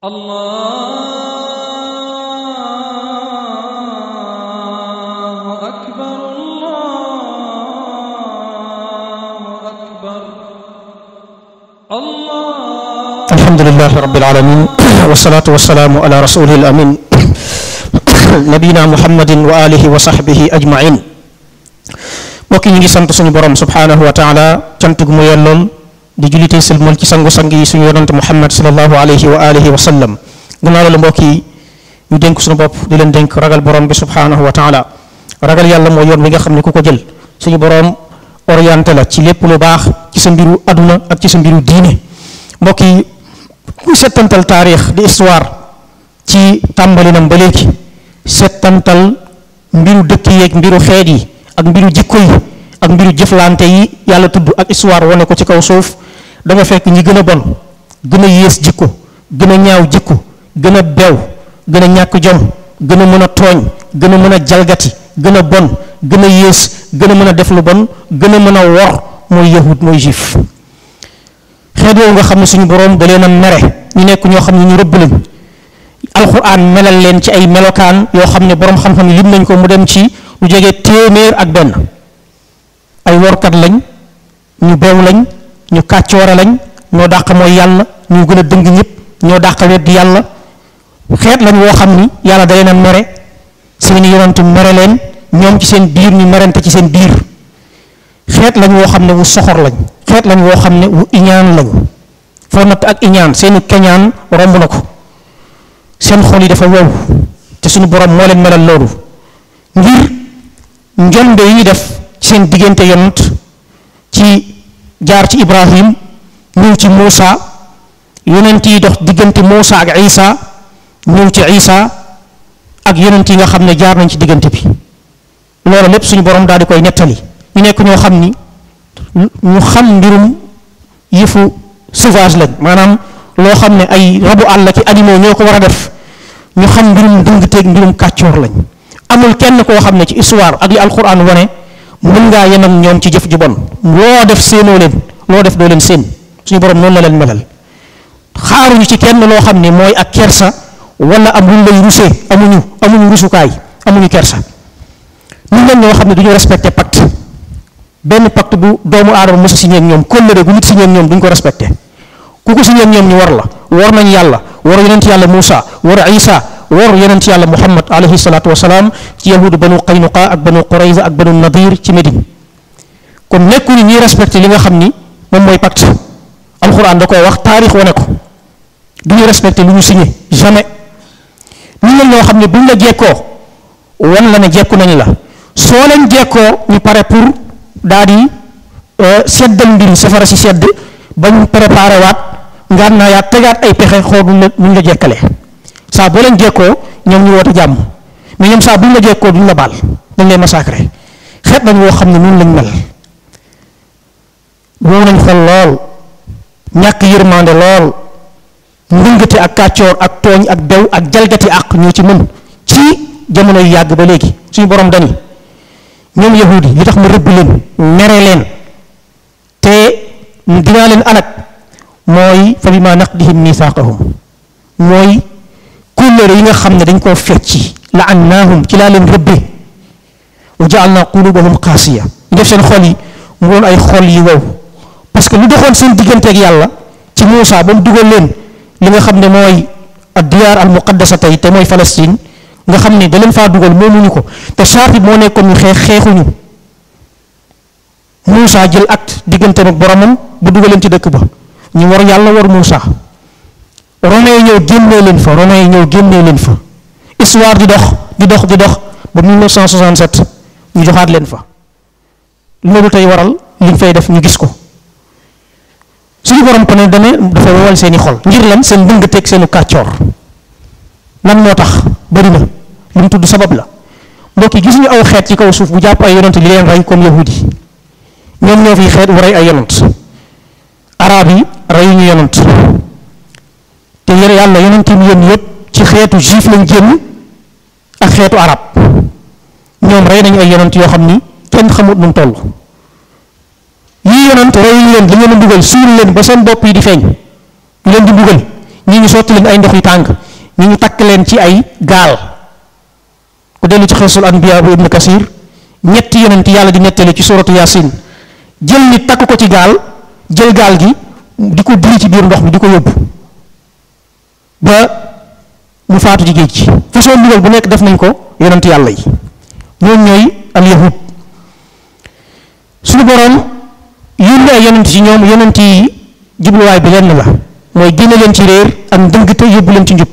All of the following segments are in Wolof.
الله أكبر الله أكبر الله الحمد لله رب العالمين والصلاة والسلام على رسوله الأمين نبينا محمد وآله وصحبه أجمعين mbokk yi ñu ngi sant suñu borom subhanahu wa taala cant gu mu yelloon di jullite sëlmal ci sangu-sang yi suñu yonante muhammad salallahu alayhi wa alihi wa sallam gannaaw loolu mbokk yi ñu dénk suñu bopp di leen dénk ragal borom bi subhanahu wa taala ragal yàlla mooy yoon bi nga xam ne ku ko jël suñu borom orienté la ci lépp lu baax ci sa mbiru aduna ak ci sa mbiru diine mbokk yi ku settantal taarix di histoire ci tàmbali nam ba léegi settantal mbiru dëkk yeeg mbiru xeet yi ak mbiru jikko yi ak mbiru jëflante yi yàlla tudd ak histoire wane ko ci kaw suuf danga fekk ñi gën a bon gën a yées jikko gën a ñaaw jikko gën a bew gën a ñàkk jom gën a mën a tooñ gën a mën a jalgati gën a bon gën a yées gën a mën a def lu bon gën a mën a wor mooy yahud mooy juif xeet yooyu nga xam ne suñu boroom da na a mere ñu nekk ñoo xam ne ñu rëbb lañ alxuraan melal leen ci ay melokaan yoo xam ne boroom xam-xam lim nañ ko mu dem ci lu jege téeméer ak benn ay workat lañ ñu beew lañ ñu kàccoora lañ ñoo dàq mooy yàlla ñoo gën a dëng ñëpp ñoo dàq weddi yàlla xeet lañ woo xam ni yàlla da leen a mere seeni yonantu mere leen ñoom ci seen biir ñu merante ci seen biir xeet lañ woo xam ne wu soxor lañ xeet lañ woo xam ne wu iñaan lañ foo natt ak iñaan seeni keñaan romb na ko seen xol yi dafa wow te suñu borom moo leen melal loolu ngir njombe yi def seen diggante yonant ci jaar ci Ibrahim ñëw ci Muusa yonent yi dox diggante Muusa ak Isa ñëw ci Isa ak yonent yi nga xam ne jaar nañ ci diggante bi loolu lépp suñu borom daal di koy nettali ñu nekk ñoo xam ni ñu xam mbirum yëfu sauvage lañ maanaam loo xam ne ay rabu àll ki animaux ñoo ko war a def ñu xam mbirum dëng teeg mbirum kàccoor lañ amul kenn koo xam ne ci histoire ak li alquran wane mën ngaa yem ak ñoom ci jëf ju bon loo def séenoo leen loo def doo leen seen suñu borom noonu la leen melal xaaruñu ci kenn loo xam ne mooy ak kersa wala am luñ lay rusee amuñu amuñu rusukaay amuñu kersa ñun ñoom ñoo xam ne du ñu respecté pacte benn pacte bu doomu aadama mos a signé ak ñoom kóllëre gu nit si ñeen ñoom duñ ko respecté ku ko si ak ñoom ñu war la. war nañ yàlla war yonent yàlla Moussa war Isa war yonent yàlla Muhammad alayhi salaatu wa salaam ci yahudu banu Qaynuqa ak banu Qurayza ak banu Nadir ci Médine kon nekkul ni ñuy respecté li nga xam ni moom mooy pacte alxuraan da koo wax taarix wane ko du ñu respecté lu ñu signé jamais ñu ne ñoo xam ne buñ la jekkoo wan la ne jekku nañ la soo leen jekkoo ñu pare pour daal di euh, seddal mbir safara si sedd bañ préparé waat. ngaan naa yaa tegaat ay pexe xool nuñ la jekkale saa boo leen jekkoo ñoom ñu woote jàmm mais ñoom saa buñ la jekkoo duñ la baal dañ lay massacré xeet lañ woo xam ne noonu lañ mel wow nañ xol lool ñàkk yërmande lool ndingate ak kàccoor ak tooñ ak bew ak jalgati ak ñoo ci mën ci jamono yu yàgg ba léegi suñu borom dani ñoom yahudi li tax mu rëbb leen mere leen te dinaa leen alak mooy fa bi ma naqdihim misaaqahum mooy kóllëre yi nga xam ne dañ koo fecci la annaahum ci laa leen rëbbee wa jaalna qulubahum qaasiya ñu def seen xol yi mu doon ay xol yi wow parce que lu doxoon seen digganteeg yàlla ci Muusa ba mu dugal leen li nga xam ne mooy addiyaar al muqaddasa tey te mooy Palestine nga xam ne da leen faa dugal moomuñu ko te charte bi moo nekkoon ñu xeex xeexuñu Muusa jël acte digganteem ak boromam bu dugaleen ci dëkk ba ñu war yàlla war Moussa romain yi ñëw génnee leen fa romain yi ñëw génnee leen fa histoire di dox di dox di dox ba 1967 ñu joxaat leen fa loolu tey waral liñ fay def ñu gis ko suñu borom ko ne dane dafay wowal seen xol ngir lan seen dëng teg seenu kàccoor lan moo tax bëri na lu tudd sabab la mbokk yi gis ñu aw xeet ci kaw suuf bu jàpp ay yonent li leen rey comme yahudi ñoom ñoo fi xeet wu ay yonent arab yi reyuñu yonant te yére yàlla yonant yi yéen yëpp ci xeetu juif lañ génn ak xeetu arab ñoom rey nañu ay yonant yoo xam ni kenn xamut nu mu toll yii yonant reyuñu leen dañu leen mbugal suul leen ba seen bopp yi di feeñ ñu leen di mbugal ñi ñu sotti leen ay ndox yu tàng ñi ñu takk leen ci ay gaal ku dellu ci xeesul anbiya bu ibnu kasir ñetti yonent yàlla di nettali ci suratu yaasin jël nit takk ko ci gaal jël gaal gi di ko diri ci biir ndox mi di ko yóbbu ba mu faatu ci géej gi façon ndigal bu nekk def nañ ko yonent yàlla yi ñoom ñooy al yahud suñu boroom yónni ay yonent ci ñoom yonent yi jubluwaay bi lenn la mooy génne leen ci réer ak ndëng te yóbbu leen ci njub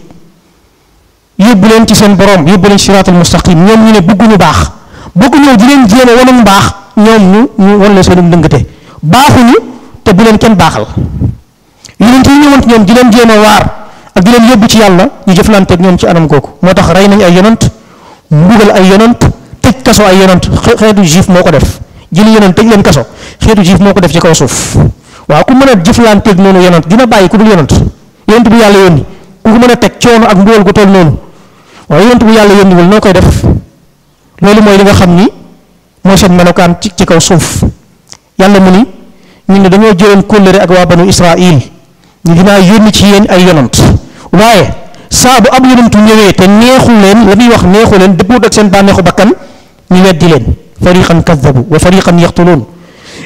yóbbu leen ci seen boroom yóbbu leen ci siraatul mustaqim ñoom ñu ne bëgguñu baax bëgguñoo di leen jéem a wane mu baax ñoom ñu ñu wan leen seen ndëngte baaxuñu te bu leen kenn baaxal yonent yi ñëwoon ñoom di leen jéem a waar ak di leen yóbbu ci yàlla ñu jëflante ak ñoom ci anam googu moo tax rey nañ ay yonent mbugal ay yonent tëj kaso ay yonent xeetu juif moo ko def jëli yonent teg leen kaso xeetu juif moo ko def ci kaw suuf waaw ku mën a jëflante ak noonu yonent dina bàyyi ku dul yonent yonent bu yàlla yónni ku ko mën a teg coono ak mbugal gu toll noonu waaye yonent bu yàlla yónniwul noo koy def loolu mooy li nga xam ni mooy seen melokaan ci ci kaw suuf yàlla mu ni ñu ne dañoo jëloon kóllëre ak waa banu Israil ñu dinaa yónni ci yéen ay yonant waaye saa bu ab yonantu ñëwee te neexu leen la wax neexu leen dëppoot ak seen bànneexu bakkan ñu weddi leen fariqan kaddabu wa fariqan yaqtuluun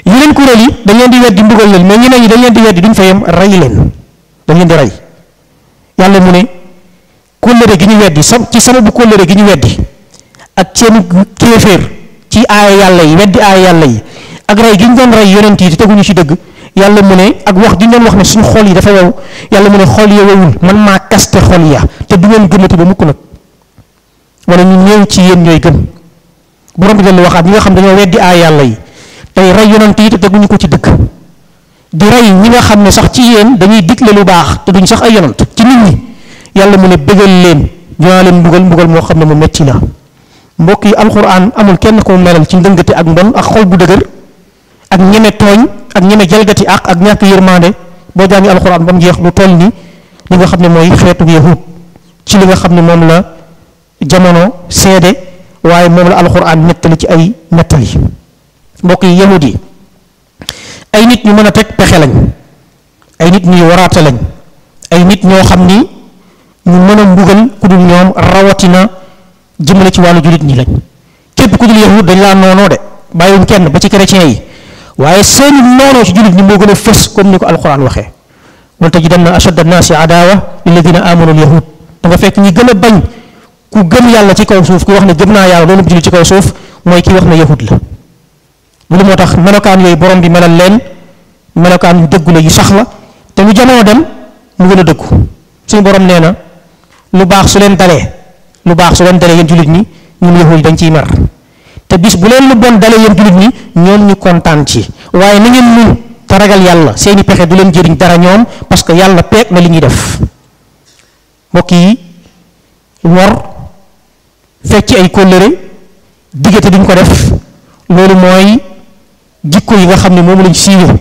yeneen kuréel yi dañ leen di weddi mbugal leen mais ñeneen ñi dañ leen di weddi duñ fa yem rey leen dañ leen di rey yàlla mu ne kóllëre gi ñu weddi sam ci sababu kóllëre gi ñu weddi ak seenu kéeféer ci aaya yàlla yi weddi aaya yàlla yi ak rey gi ñu doon rey yonent yi te teguñu ci dëgg yàlla mu ne ak wax gi ñu doon wax ne suñu xol yi dafa wow yàlla mu ne xol ya wowul man maa kaste xol ya te du ngeen gëmati ba mukk nag wala ñu néew ci yéen ñooy gëm borom bi dellu waxaat ñi nga xam dañoo weddi aay yàlla yi tey rey yonent yi te teguñu ko ci dëgg di rey ñi nga xam ne sax ci yéen dañuy digle lu baax te duñ sax ay yonent ci nit ñi yàlla mu ne bëggal leen dinaa leen mbugal mbugal moo xam ne mu metti la mbokk yi alxuraan amul kenn ko melal ci ndëngate ak mbon ak xol bu dëgër ak ñeme tooñ ak ñeme jalgati àq ak ñàkk yërmande boo jàngi alxuraan ba mu jeex lu toll ni li nga xam ne mooy xeetu yahud ci li nga xam ne moom la jamono seede waaye moom la alxuraan nettali ci ay nettali mbokk yi yahud yi ay nit ñu mën a teg pexe lañ ay nit ñuy waraate lañ ay nit ñoo xam ni ñu mën a mbugal ku dul ñoom rawatina jëmale ci wàllu jullit ñi lañ képp ku dul dañ laa noonoo de bàyyiwuñ kenn ba ci chrétien yi waaye seeni noonoo ci jullit ñi moo gën a fës comme ni ko alxuraan waxee te taji dem na ashadda naasi adaawa lilladina amanu alyahud da nga fekk ñi gën a bañ ku gën yàlla ci kaw suuf ku wax ne gëm naa yàlla loolu jullit ci kaw suuf mooy ki wax ne yahud la loolu moo tax melokaan yooyu borom bi melal leen melokaan yu dëggu la yu sax la te lu jamono dem mu gën a dëggu suñu borom nee na lu baax su leen dalee lu baax su leen dalee yéen jullit ñi ñun yahud yi dañ ciy mar te bis bu leen lu bon dalee yéen jullit ñi ñoom ñu kontaan ci waaye ni ngeen mun te ragal yàlla seeni pexe du leen jëriñ dara ñoom parce que yàlla peeg na li ñuy def mbokk yi wor fekk ci ay kóllëre diggante duñ ko def loolu mooy jikko yi nga xam ne moom lañ siiwee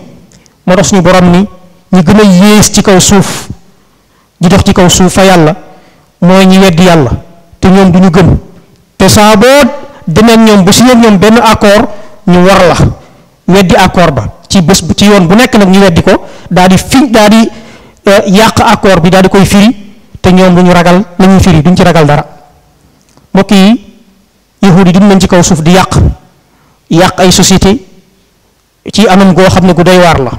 moo tax suñu borom ni ñu gën a yées ci kaw suuf di dox ci kaw suuf fa yàlla mooy ñi weddi yàlla te ñoom du ñu gën te saa dinañ ñoom bu si neen ñoom benn accord ñu war la weddi accord ba ci bés ci yoon bu nekk nag ñu weddi ko daal di fi daal di euh, yàq accord bi daal di koy firi te ñoom lu ñu ragal la ñuy firi duñ ci ragal dara mbokk yi yahud yi dund nañ ci kaw suuf di yàq yàq ay société ci anam goo xam ne gu doy waar la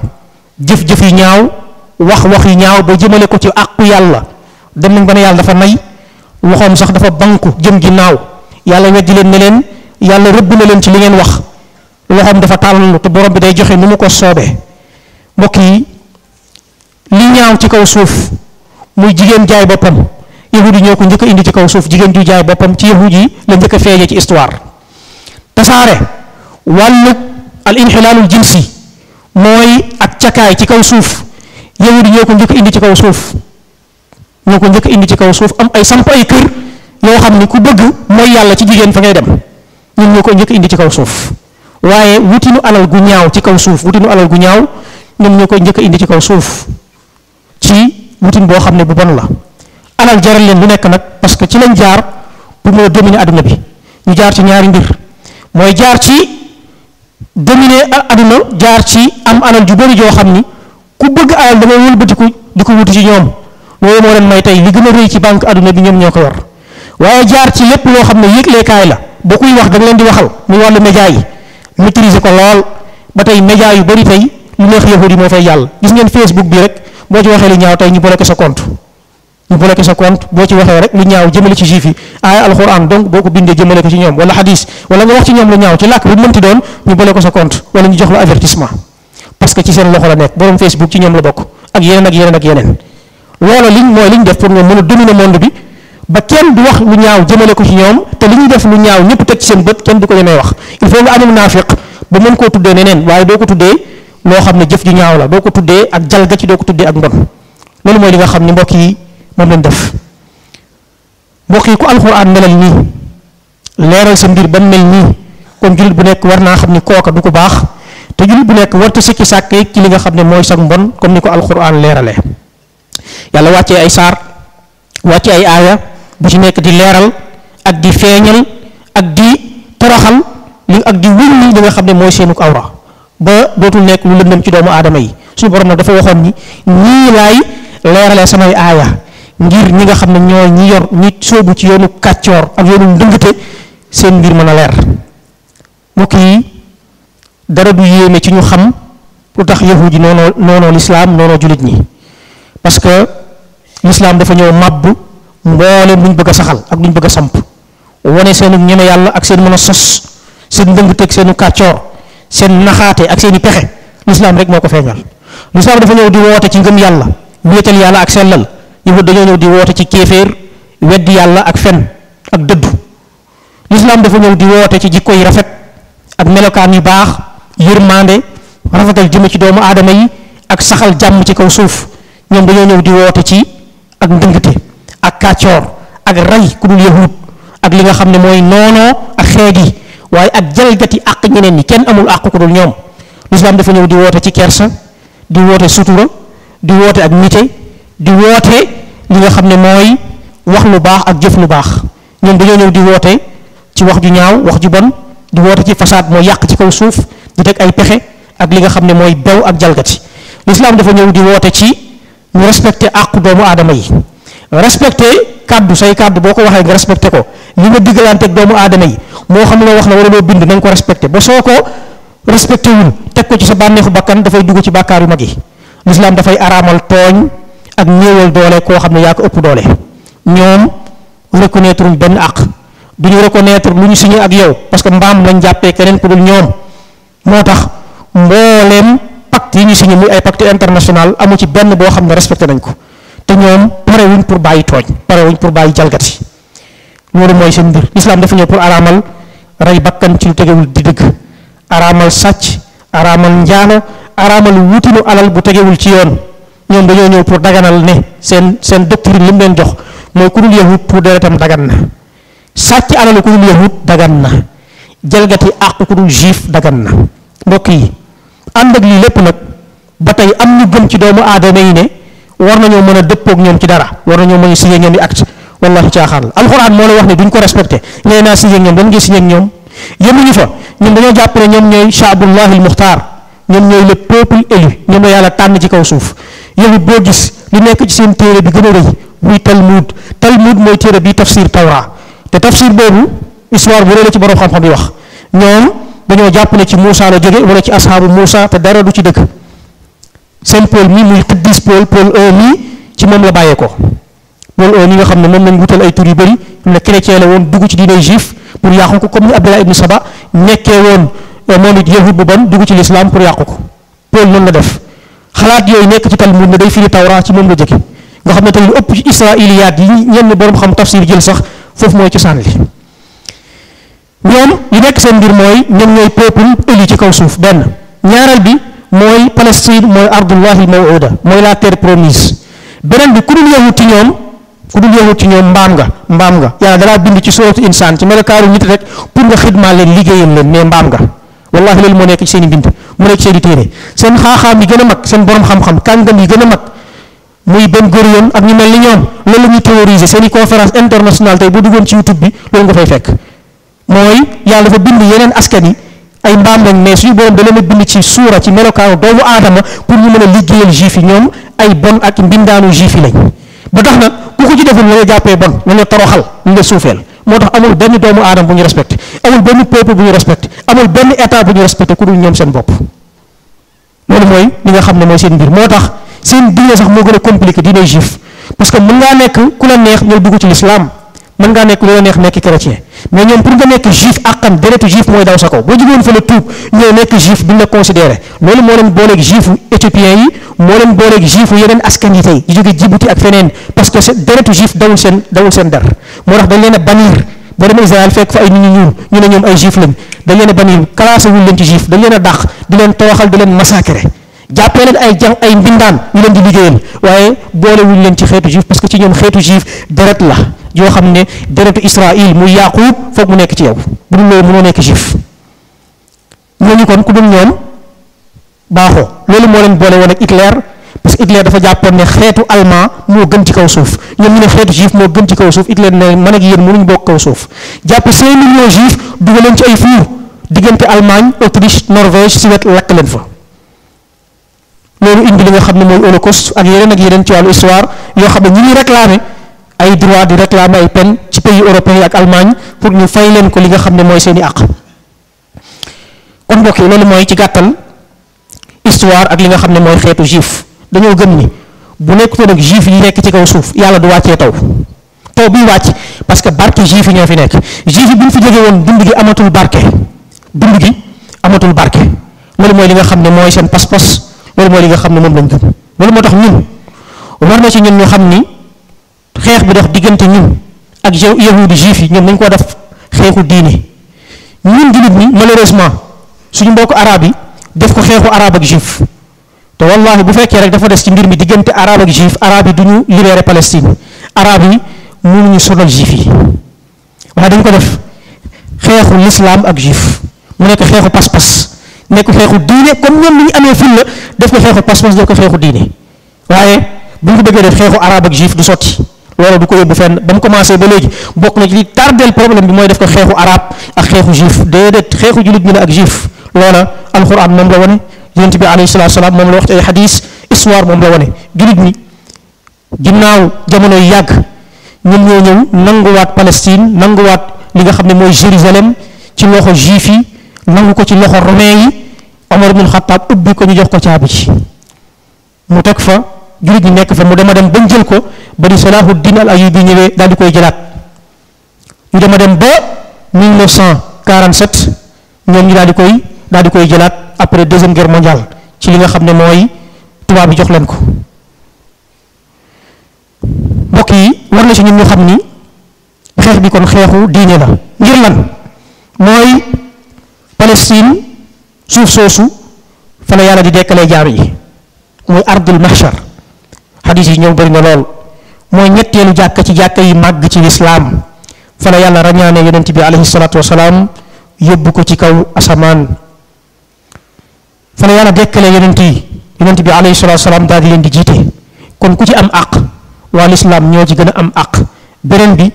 jëf-jëf yu ñaaw wax-wax yu ñaaw ba jëmale ko ci àqu yàlla dem nañ ba ne yàlla dafa nay loxoom sax dafa banku jëm ginnaaw yàlla weddi leen leen yàlla rëbb na leen ci li ngeen wax loxoom dafa tàllalu te borom bi day joxe nu mu ko soobee mbokk yi li ñaaw ci kaw suuf muy jigéen jaay boppam yahudi ñoo njëkk indi ci kaw suuf jigéen ju jaay boppam ci yahudi yi la njëkk a ci histoire tasaare wàllu al inxilaalul jinsi mooy ak cakaay ci kaw suuf yahudi ñoo ko njëkk indi ci kaw suuf ñoo ko njëkk indi ci kaw suuf am ay samp ay kër loo xam ni ku bëgg mooy yàlla ci jigéen fa ngay dem ñun ñoo ko njëkk indi ci kaw suuf waaye wutinu alal gu ñaaw ci kaw suuf wutinu alal gu ñaaw ñoom ñoo koy njëkk indi ci kaw suuf ci wutin boo xam ne bu bon la alal jaral leen lu nekk nag parce que ci lañ jaar bu moo dominer àdduna bi ñu jaar ci ñaari mbir mooy jaar ci a àdduna jaar ci am alal ju bëri joo xam ni ku bëgg alal damay wëlbatiku di ko wuti ci ñoom loolu moo leen may tey li gën a rëy ci banque àdduna bi ñoom ñoo ko yor waaye jaar ci lépp loo xam ne yëgleekaay la ba kuy wax da leen di waxal muy wàllu média yi maîtriser ko lool ba tey média yu bari tey lu neex yahudi moo fay yàlla gis ngeen Facebook bi rek boo ci waxee lu ñaaw tey ñu bloqué sa compte boo ci waxee rek lu ñaaw jëmale ci juif yi aaya alxuraan donc boo ko bindee jëmale ko ci ñoom wala xadis wala nga wax ci ñoom lu ñaaw ci làkk bu mënti doon ñu bloqué sa compte wala ñu jox la avertissement def pour nga mën bi ba kenn du wax lu ñaaw jëmale ko ci ñoom te li ñuy def lu ñaaw ñëpp teg ci seen bët kenn du ko demee wax il faut nga amul naafiq ba mën koo tuddee neneen waaye doo ko tuddee loo xam ne jëf ju ñaaw la doo ko tuddee ak jalga ci doo ko tuddee ak mbon loolu mooy li nga xam ni mbokk yi moom lañ def mbokk ko ku alxuraan melal nii leeral sa mbir ba mu mel nii kon jullit bu nekk war naa xam ni kooka du ko baax te jullit bu nekk warta sëcc sàkk ci li nga xam ne mooy sag mbon comme ni ko alxuraan leerale yàlla wàccee ay saar wàccee ay aaya bu ci nekk di leeral ak di feeñal ak di toroxal li ak di wëññi li nga xam ne mooy seenu awra ba dootul nekk lu lëndëm ci doomu aadama yi suñu borom nag dafa waxoon ni ñii laay leeralee samay aaya ngir ñi nga xam ne ñoo ñi yor ñi sóobu ci yoonu kàccoor ak yoonu ndëngate seen mbir mën a leer mbokk yi dara du yéeme ci ñu xam lu tax yahud yi noonoo noonoo lislaam noonoo jullit ñi parce que lislaam dafa ñëw màbb mbooleem luñ bëgg a saxal ak luñ bëgg a samp wane seenu ñeme yàlla ak seen mën a sos seen ndëng teg seenu kàccoor seen naxaate ak seen i pexe lislaam rek moo ko feeñal lislaam dafa ñëw di woote ci ngëm yàlla wéetal yàlla ak sellal yahud dañoo ñëw di woote ci kéeféer weddi yàlla ak fen ak dëddu lislaam dafa ñëw di woote ci jikko yi rafet ak melokaan yu baax yërmande rafetal jëme ci doomu aadama yi ak saxal jàmm ci kaw suuf ñoom dañoo ñëw di woote ci ak ndëng kàccoor ak rey ku dul yahud ak li nga xam ne mooy noonoo ak xeet yi waaye ak jalgati àq ñeneen yi kenn amul àq ku dul ñoom lislaam dafa ñëw di woote ci kersa di woote sutura di woote ak nite di woote li nga xam ne mooy wax lu baax ak jëf lu baax ñoom dañoo ñëw di woote ci wax ju ñaaw wax ju bon di woote ci fasaad mooy yàq ci kaw suuf di teg ay pexe ak li nga xam ne mooy bew ak jalgati lislaam dafa ñëw di woote ci ñu respecté àqu doomu aadama yi respecté kàddu say kàddu boo ko waxee nga respecté ko li nga diggalanteeg doomu aadama yi moo xam ne wax na wala loo bind nañ ko respecté ba soo ko respecté wul teg ko ci sa bànneexu bakkan dafay dugg ci bàkkaar yu mag yi lislaam dafay araamal tooñ ak néewal doole koo xam ne yaa ko ëpp doole ñoom reconnaître uñ benn àq du ñu reconnaître lu ñu signé ak yow parce que mbaam lañ jàppee keneen ku dul ñoom moo tax mbooleem pacte yi ñu signé muy ay pacte international amu ci benn boo xam ne respecté nañ ko te ñoom pare pour bàyyi tooñ pare wuñ pour bàyyi jalgati loolu mooy seen mbir lislaam dafa ñëw pour araamal rey bakkan ci lu tegewul di dëgg araamal sàcc araamal njaalo araamal wutinu alal bu tegewul ci yoon ñoom dañoo ñëw pour daganal ne seen seen doctrine lim leen jox mooy ku dul yahut pour deretam dagan na sàcc alalu ku yahut dagan na jalgati àq ku dul juif dagan na mbokk yi ànd ak lii lépp nag ba tey am ñu gëm ci doomu aadama yi ne war ñoo mën a dëppoog ñoom ci dara war nañoo mën a signé ñoom yi acte wallahi caaxaan la alxuraan moo la wax ne duñ ko respecté ngay naa signé ñoom dañ ngi signé ñoom yëmuñu fa ñoom dañoo jàpp ne ñoom ñooy la yàlla tànn ci kaw suuf yahut boo nekk ci seen téere bi gën a rëy muy talmud talmud mooy téere bi tafsir tawra te tafsir boobu histoire bu rëy la ci borom xam-xam yi wax ñoom dañoo jàpp ne ci Moussa la jóge wala ci ashaabu Moussa te dara du ci dëkk seen pôle mi muy Kuddis pôle pôle 1 ci moom la bàyyee ko pôle 1 nga xam ne moom lañ wutal ay tur yu bëri ne chrétien la woon dugg ci diine juif pour yàqu ko comme ni Abdallah ibn Saba nekkee woon euh, moom it yahud bu bon dugg ci lislaam pour yàqu ko pôle noonu la def xalaat yooyu nekk ci Talmud ne day firi tawra ci moom la jëkke nga xam ne tey lu ëpp ci israiliyaat yi ñenn borom xam tafsir jël sax foofu mooy cosaan li ñoom li nekk seen mbir mooy ñoom ñooy peuple élu ci kaw suuf benn ñaareel bi mooy Palestine mooy ardullahi mawuda mooy la ter promise beneen bi ku dul yahut ci ñoom ku dul yahut ci ñoom mbaam nga mbaam nga yàlla dalaa bind ci suratu insaan ci melokaanu nit rek pour nga xidmaa leen liggéeyal leen mais mbaam nga wallahi loolu moo nekk seen i mbind i téere seen xaaxaam gën a mag seen borom xam-xam kàngam yi gën a mag muy Ben ak ñu mel ni ñoom loolu la ñuy seen i conférence internationale tey boo duggoon ci YouTube bi loolu nga fay fekk mooy yàlla dafa bind yeneen askan yi ay mbaam lañ mais suñu borom da leen bind ci suura ci melokaanu doomu aadama pour ñu mën a liggéeyal juif yi ñoom ay bon ak mbindaanu juif yi lañ ba tax na ku ko ci deful nga jàppee bon nga ñu toroxal nga ñu suufeel moo tax amul benn doomu aadama bu ñu respecté amul benn peuple bu ñu respecté amul benn état bu ñu respecté ku dul ñoom seen bopp loolu mooy li nga xam ne mooy seen mbir moo tax seen diine sax moo gën a compliqué diine juif parce que mën ngaa nekk ku la neex ñëw dugg ci lislaam mën ngaa nekk lu la neex nekk chrétien mais ñoom pour nga nekk juif àqam deretu juif mooy daw sa kaw boo jógee woon fële tuub ñëw nekk juif duñ la considéré loolu moo leen booleeg juifu éthiopien yi moo leen booleeg juifu yeneen askan yi tey yu jóge Djibouti ak feneen parce que deretu juif dawul seen dawul seen dar moo tax dañ leen a bannir boo demee Israël fekk fa ay nit ñu ñuul ñu ne ñoom ay juif lañ dañ leen a bannir classé wul leen ci juif dañ leen a dàq di leen tooxal di leen massacrer jàppee leen ay jàng ay mbindaan ñu leen di liggéeyal waaye boolewuñ leen ci xeetu juif parce que ci ñoom xeetu juif deret la joo xam ne deretu Israël muy Yaaqub foog mu nekk ci yow bu dul loolu mënoo nekk juif ñooñu kon ku dul ñoom baaxoo loolu moo leen boole woon ak Hitler parce que Hitler dafa jàppoon ne xeetu allemand moo gën ci kaw suuf ñoom ñu ne xeetu juif moo gën ci kaw suuf ne man ak yéen mënuñ bokk kaw suuf jàpp 5 millions juif dugal leen ci ay fuur diggante Allemagne Autriche Norvège Suède lakk leen fa. loolu indi li nga xam ne mooy holocauste ak yeneen ak yeneen ci wàllu histoire yoo xam ne ñi ngi réclamer. ay droit di réclamer ay peine ci pays européens ak Allemagne pour ñu fay leen ko li nga xam ne mooy seeni àq kon mbokk yi loolu mooy ci gàttal histoire ak li nga xam ne mooy xeetu juif dañoo gëm ni bu nekkutoon ak juif yi nekk ci kaw suuf yàlla du wàccee taw taw bi wàcc parce que barke juif yi ñoo fi nekk juif yi bu ñu fi jógee woon dund gi amatul barke dund gi amatul barke loolu mooy li nga xam ne mooy seen pas-pas loolu mooy li nga xam ne moom lañ gëm loolu moo tax ñun war na ci ñun xeex bi dox diggante ñun ak yahudi juif yi ñoom dañ koo def xeexu diine ñun jullit ñi malheureusement suñu mbokku arab yi def ko xeexu arab ak juif te wallahi bu fekkee rek dafa des ci mbir mi diggante arab ak juif du ñu libéré Palestine arab yi mënuñu sonal juif yi waaye dañ ko def xeexu lislaam ak juif mu nekk xeexu pas-pas nekk xeexu diine comme ñoom ñu amee ful def ko xeexu pas-pas def ko xeexu diine waaye xeexu arab ak juif du sotti loolu du ko yóbbu fenn ba mu commencé ba léegi bokk na ci li tardeel problème bi mooy def ko xeexu arab ak xeexu juif déedéet xeexu jullit ñi la ak juif loola alxuraan moom la wane yonent moom la wax moom la wane jullit ñi ginnaaw jamono yu yàgg ñun ñoo ñëw nanguwaat Palestine nanguwaat li nga xam ne mooy Jérusalem ci loxo juif yi nangu ko ci loxo romain yi Omar ibn Xattaab ubbi ko ñu jox ko caabi ci mu teg fa. jullit ñi nekk fa mu dema dem bañ jël ko ba di salaahu din al ayubi ñëwee daal di koy jëlaat ñu dema dem ba 1947 ñoom ñu daal di koy daal di koy jëlaat après deuxième guerre mondiale ci li nga xam ne mooy tubaab bi jox leen ko mbokk yi war na ci ñun ñu xam ni xeex bi kon xeexu diine la ngir lan mooy Palestine suuf soosu fa la yàlla di dekkalee jaam yi mooy ardul mahshar xadis yi ñëw bëri na lool mooy ñetteelu jàkka ci jàkka yi màgg ci lislaam fa la yàlla rañaane yonent bi alayhi salaatu wasalaam yóbbu ko ci kaw asamaan fa la yàlla dekkalee yonent yi yonent bi alayhi salaatu wasalaam daal di leen di jiite kon ku ci am àq waa lislaam ñoo ci gën am àq beneen bi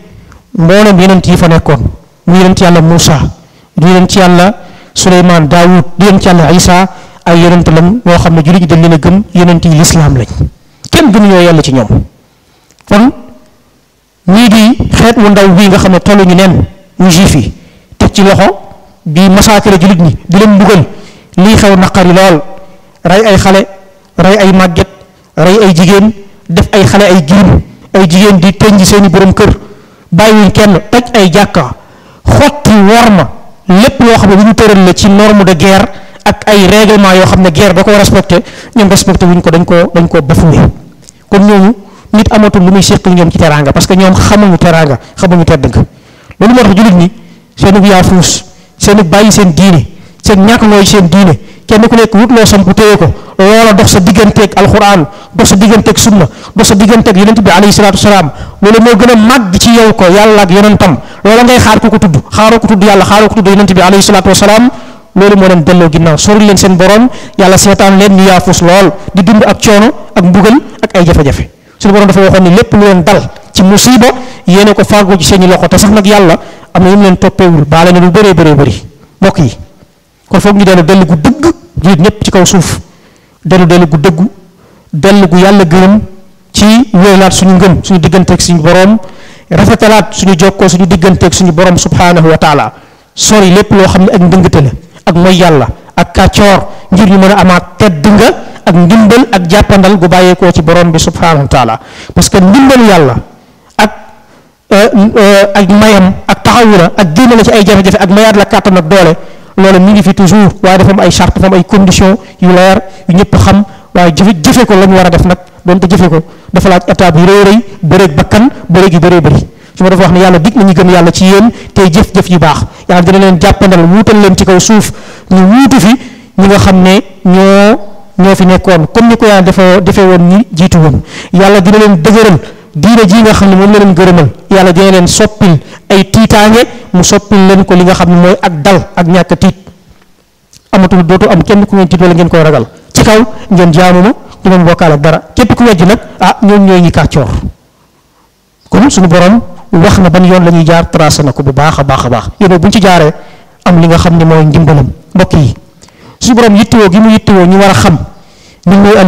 mboolem yonent yi fa nekkoon mu yonent yàlla Muusa di yonent yàlla Suleymaan Daawud di yonent yàlla Isa ay yonent lam ñoo xam ne jullit yi dañ leen a gëm yonent yi lislaam lañ kenn gënuñoo yàlla ci ñoom kon ñii di xeet wu ndaw bii nga xam ne tolluñu leen muy juif yi teg ci loxo di massacre jullit ñi di leen mbugal lii xew naqari lool rey ay xale rey ay màgget rey ay jigéen def ay xale ay girim ay jigéen di tënj seeni borom kër bàyyiwuñ kenn toj ay jàkka xotti worma lépp loo xam ne lu ñu tëral la ci norme de guerre ak ay règlement yoo xam ne guerre da ko respecté ñoom respecté wuñ ko dañ ko dañ ko bafuwe kon ñooñu nit amatul lu muy séq ñoom ci teraanga parce que ñoom xamuñu teraanga xamuñu tedd nga loolu moo tax jullit ñi seen yaa fuus seen bàyyi seen diine seen ñàkk ngooy seen diine kenn ku nekk wut loo samp téye ko loola dox sa digganteeg alxuraan dox sa digganteeg sunna dox sa digganteeg yonent bi alayhi salaatu salaam loolu moo gën a màgg ci yow ko yàlla ak yonentam loola ngay xaar ku ko tudd xaaroo ko tudd yàlla xaaroo ko tudd loolu moo leen delloo ginnaaw sori leen seen borom yàlla seetaan leen ñu yaafus lool di dund ak coono ak mbugal ak ay jafe-jafe suñu borom dafa waxoon ni lépp lu leen dal ci musiba yéene ko fàggu ci seen i te sax nag yàlla am na yu mu leen toppeewul baale na lu bëree bëree bëri mbokk yi kon foog ñu dellu dellu gu dëgg jullit ñëpp ci kaw suuf dellu dellu gu dëggu dellu gu yàlla gërëm ci wéylaat suñu ngëm suñu digganteeg suñu borom rafetalaat suñu jokkoo suñu digganteeg suñu borom subhaanahu wa taala sori lépp loo xam ne ak ndëngte la ak mooy yàlla ak kàccoor ngir ñu mën a amaat tedd nga ak ndimbal ak jàppandal gu bàyyeekoo ci borom bi subhanahu wa taala parce que ndimbalu yàlla ak euh, euh, ak mayam ak taxawu la ak génne la ci ay jafe-jafe ak mayaat la kàttan ak doole loolu mu ngi fi toujours waaye dafa ay charte dafa ay condition yu leer yu ñëpp xam waaye jëfe jëfe ko la war a def nag doon te jëfe ko dafa laaj étape yu rëy rëy bëreeg bakkan bëreeg yu bëree bëri su ma dafa wax ne yàlla dig nañu gëm yàlla ci yéen tey jëf-jëf yu baax yàlla dina leen jàppandal wuutal leen ci kaw suuf ñu wuutu fi ñi nga xam ne ñoo ñoo fi nekkoon comme ni ko yàlla defee woon ñi jiitu woon yàlla dina leen dëgëral diine ji nga xam ne moom la leen gërëmal yàlla dina leen soppil ay tiitaange mu soppil leen ko li nga xam mooy ak dal ak ñàkk a tiit amatul dootu am kenn ku ngeen tiit wala ngeen koy ragal ci kaw ngeen jaamu ma du ngeen bokkaal dara képp ku wejj nag ah ñoom ñooy ñi kàccoor kon suñu borom wax na ban yoon la ñuy jaar tracé na ko bu baax a baax a baax yéen bu ñu ci jaaree am li nga xam ne mooy ndimbalam mbokk yi suñu borom yittewoo gi mu yittewoo ñu war a xam ni mooy al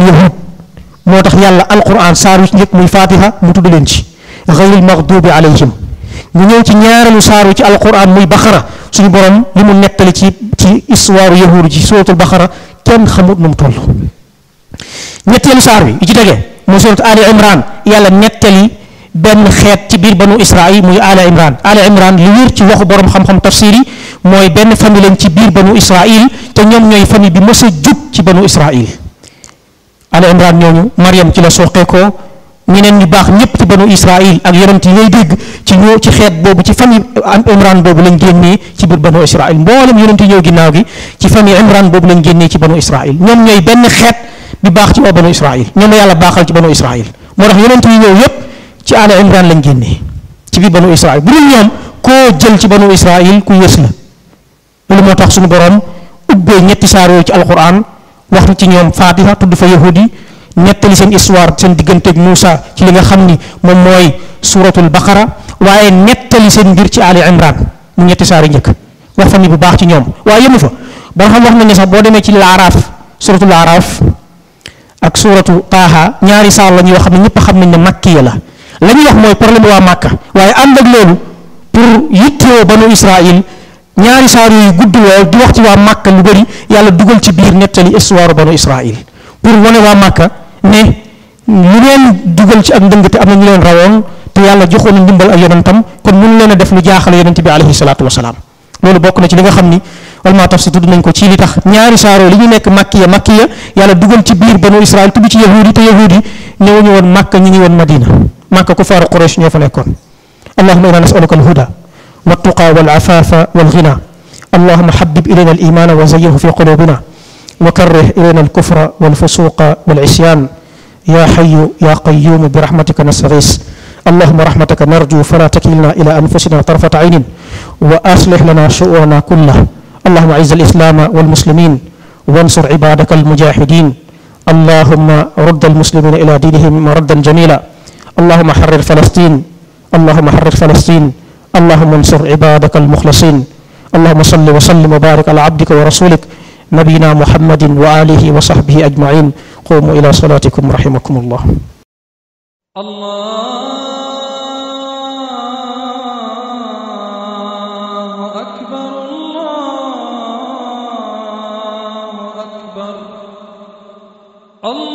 moo tax yàlla alquran saar wu ci njëkk muy fatiha mu tudd leen ci gayril maghdubi alayhim ci ñaareelu saar wu ci alquran muy baxara suñu borom li mu nettali ci ci histoire yahud ci suratul baxara kenn xamut nu mu toll ñetteelu saar wi yi ci dege muy surat ali imran yàlla nettali benn xeet ci biir banu israil muy ala imran ala imran lu wér ci waxu borom xam-xam tafsir yi mooy benn famille lañ ci biir banu israil te ñoom ñooy famille bi mës a jub ci banu israil ala imran ñooñu mariam ci la soqeekoo ñeneen ñu baax ñëpp ci banu israil ak yonent yi ngay dégg ci ñoo ci xeet boobu ci famille imran boobu lañ génnee ci biir banu israil mboolem yonent yi ñëw ginnaaw gi ci famille imran boobu lañ ci banu israil ñoom ñooy benn xeet bi baax ci waa banu israil ñoom la yàlla baaxal ci banu israil moo tax yonent yi ñëw yëpp ci aala imran lañ génnee ci biir banu israil bu dul ñoom koo jël ci banu israil ku yées la loolu moo tax suñu boroom ubbee ñetti saar yooyu ci alquran waxtu ci ñoom faatiha tudd fa yahudi ñettali seen histoire seen digganteeg Moussa ci li nga xam ni moom mooy suuratul baqara waaye nettali seen mbir ci aali imran mu ñetti saar njëkk wax fa ni bu baax ci ñoom waaye yemu fa ba nga xam wax nañ ne sax boo demee ci laaraaf suuratul laaraaf ak suuratu taaha ñaari saar la ñuy xam ne ñëpp xam nañ ne makkiya la la ñuy wax mooy problème waa màkk waaye ànd ak loolu pour yittewoo banu Israël ñaari saar yooyu gudd lool di wax ci waa Màkka lu bëri yàlla dugal ci biir nettali histoire banu Israël pour wane waa Màkka ne lu leen dugal ci ak ndëng te am na ñu leen rawoon te yàlla joxoon ndimbal ak yonentam kon mënu leen a def lu jaaxal yonent bi alayhi salaatu wasalaam loolu bokk na ci li nga xam ni wal maa taf si tudd nañ ko ci li tax ñaari saaro li ñu nekk makkiya makkiya yàlla dugal ci biir banu Israël tudd ci yahudi te yahudi ñëwuñu woon ñu ngi woon Madina Makka kufaaru Quraysh ñoo fa nekkoon allahuma inna nasaluka alhuda waltuqa walafaafa walghina allahuma habib ilayna alimaana wa zayyinhu fi qulubina wa karrih ilayna alkufra walfusuqa walisyan ya xayu ya qayumu birahmatika nastaghis allahuma rahmataka narju fala takilna ila anfusina tarfata aynin wa aslih lana shu'unana kullah allahuma a'iz alislama walmuslimin wansur ibadaka almujahidin allahuma rudd almuslimina ila dinihim raddan jamila allahuma xarir falastin allahuma xarir falastin allahuma ansur ibadaka almuxlasin allahuma salli wa sallim wa barik ala abdika wa rasulik nabiyina muhammadin wa alihi wa sahbihi ajmain qumu ila salatikum rahimakum allah allah Allah